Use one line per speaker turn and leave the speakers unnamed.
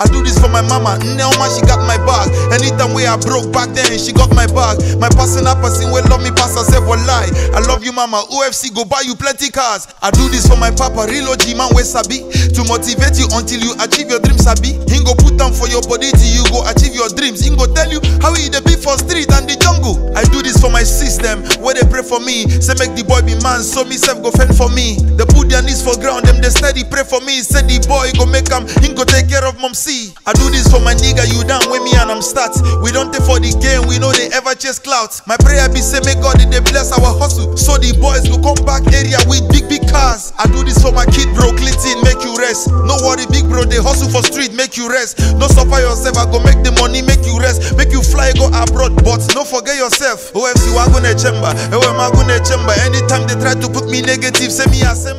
I do this for my mama, Nelma, she got my back. Anytime way I broke back then, she got my back. My passing up, passing way, love me, pass herself, will lie. I love you, mama. OFC, go buy you plenty cars. I do this for my papa, Rilo G, man, where sabi. To motivate you until you achieve your dreams, sabi. He go put down for your body till you go achieve your dreams. He go tell you how he the beat for street and the jungle. I do this for my system, where they pray for me. Say, make the boy be man, so self go fend for me. They put their knees for ground, they steady pray for me. Said the boy go make him, he go take care of mom see. I do this for my nigga, you down with me and I'm start. We don't take for the game, we know they ever chase clout. My prayer be say, may God they bless our hustle. So the boys go come back area with big big cars. I do this for my kid bro, Clinton, make you rest. No worry, big bro, they hustle for street, make you rest. No suffer yourself, I go make the money, make you rest, make you fly, go abroad. But no forget yourself. OFC wagon chamber, OM wagon chamber. Anytime they try to put me negative,
say me asemba.